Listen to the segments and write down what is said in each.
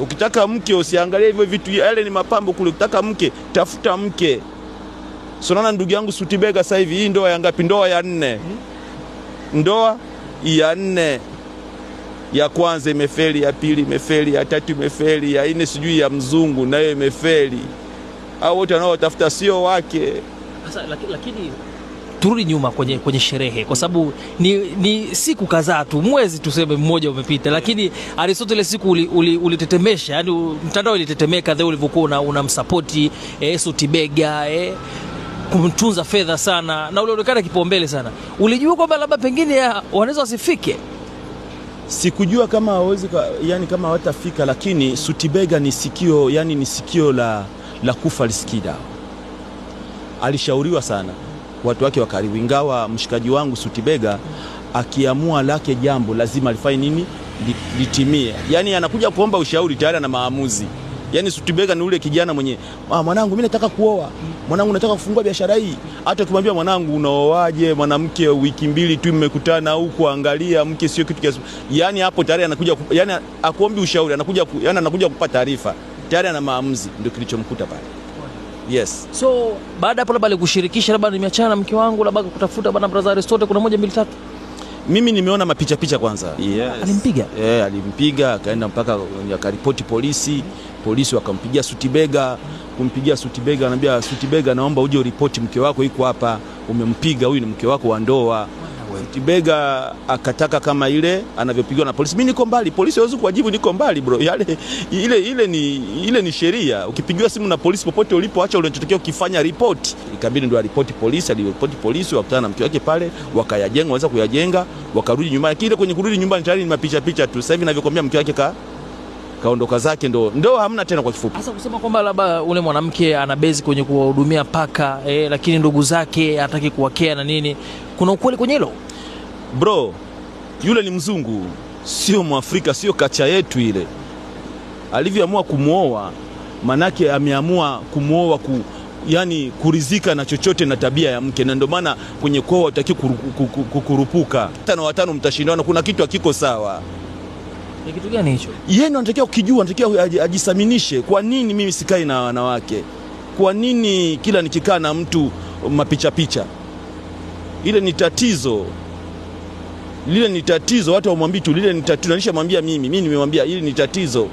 Ukitaka mke usiangalie hivyo vitu, yale ni mapambo kule. Ukitaka mke tafuta mke. Sonana ndugu yangu Sutibega sasa hivi hii ndoa ya ngapi? Ndoa ya nne, ndoa ya nne. Ya kwanza imefeli, ya pili imefeli, ya tatu imefeli, ya nne sijui ya mzungu nayo imefeli. Au wote wanaotafuta sio wake. Sasa lakini turudi nyuma kwenye, kwenye sherehe kwa sababu ni, ni siku kadhaa tu, mwezi tuseme mmoja umepita, lakini Aristotle siku ulitetemesha uli, uli yani mtandao ilitetemeka the ulivyokuwa unamsapoti una suti eh, bega eh, kumtunza fedha sana na ulionekana kipaumbele sana. Ulijua kwamba labda pengine wanaweza wasifike? Sikujua kama hawezi yani kama watafika, lakini Sutibega ni sikio yani ni sikio la, la kufa lisikida Alishauriwa sana watu wake wa karibu, ingawa mshikaji wangu Sutibega akiamua lake jambo lazima alifanye nini litimie. Yani anakuja kuomba ushauri tayari ana maamuzi. Yani Sutibega ni ule kijana mwenye ah, mwanangu mimi nataka kuoa, mwanangu nataka kufungua biashara hii. Hata ukimwambia mwanangu unaoaje, mwanamke wiki mbili tu mmekutana huko, angalia mke sio kitu kiasi. Yani hapo tayari anakuja, yani akuombi ushauri, anakuja, yani anakuja kupata taarifa tayari ana maamuzi. Ndio kilichomkuta pale. Yes. So baada hapo labda alikushirikisha labda nimeachana na mke wangu labda kutafuta bana brother Aristote kuna moja mbili tatu. Mimi nimeona mapicha picha kwanza. Yes. Alimpiga? Eh, yeah, alimpiga akaenda mpaka akaripoti polisi. Polisi wakampigia Sutibega, kumpigia Sutibega anambia Sutibega, naomba uje uripoti mke wako yuko hapa, umempiga huyu ni mke wako wa ndoa. Tibega akataka kama ile anavyopigiwa na polisi. Mimi niko mbali, polisi hawezi kuwajibu, niko mbali bro. Yale ile ile ni ile ni sheria. Ukipigiwa simu na polisi popote ulipo, acha unachotokea ukifanya ripoti. Ikabidi ndio aripoti polisi, aliripoti polisi, wakutana na mke wake pale, wakayajenga, waweza kuyajenga, wakarudi nyumbani. Kile kwenye kurudi nyumbani tayari ni mapicha picha tu. Sasa hivi ninavyokuambia mke wake ka kaondoka zake, ndo ndo hamna tena. Kwa kifupi, Sasa kusema kwamba labda ule mwanamke ana bezi kwenye kuwahudumia paka eh, lakini ndugu zake hataki kuwakea na nini, kuna ukweli kwenye hilo bro? Yule ni mzungu, sio Mwafrika, sio kacha yetu ile. Alivyoamua kumwoa, manake ameamua kumwoa ku yani kurizika na chochote na tabia ya mke, na ndio maana kwenye kwao utaki kukurupuka. Tano watano mtashindana, kuna kitu hakiko sawa. Ni kitu gani hicho? Yeye ndio anatakiwa kukijua, anatakiwa ajisaminishe. Kwa nini mimi sikai na wanawake? Kwa nini kila nikikaa na mtu mapicha picha? Ile ni tatizo, lile ni tatizo. Watu hawamwambii tu, lile ni tatizo. Alishamwambia mimi, mimi nimemwambia, ili ni tatizo.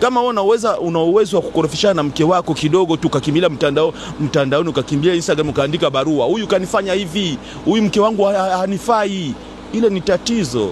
Kama wewe unaweza una uwezo wa kukorofishana na mke wako kidogo tu, ukakimbilia mtandao mtandaoni, ukakimbilia Instagram, ukaandika barua, huyu kanifanya hivi, huyu mke wangu hanifai, ile ni tatizo.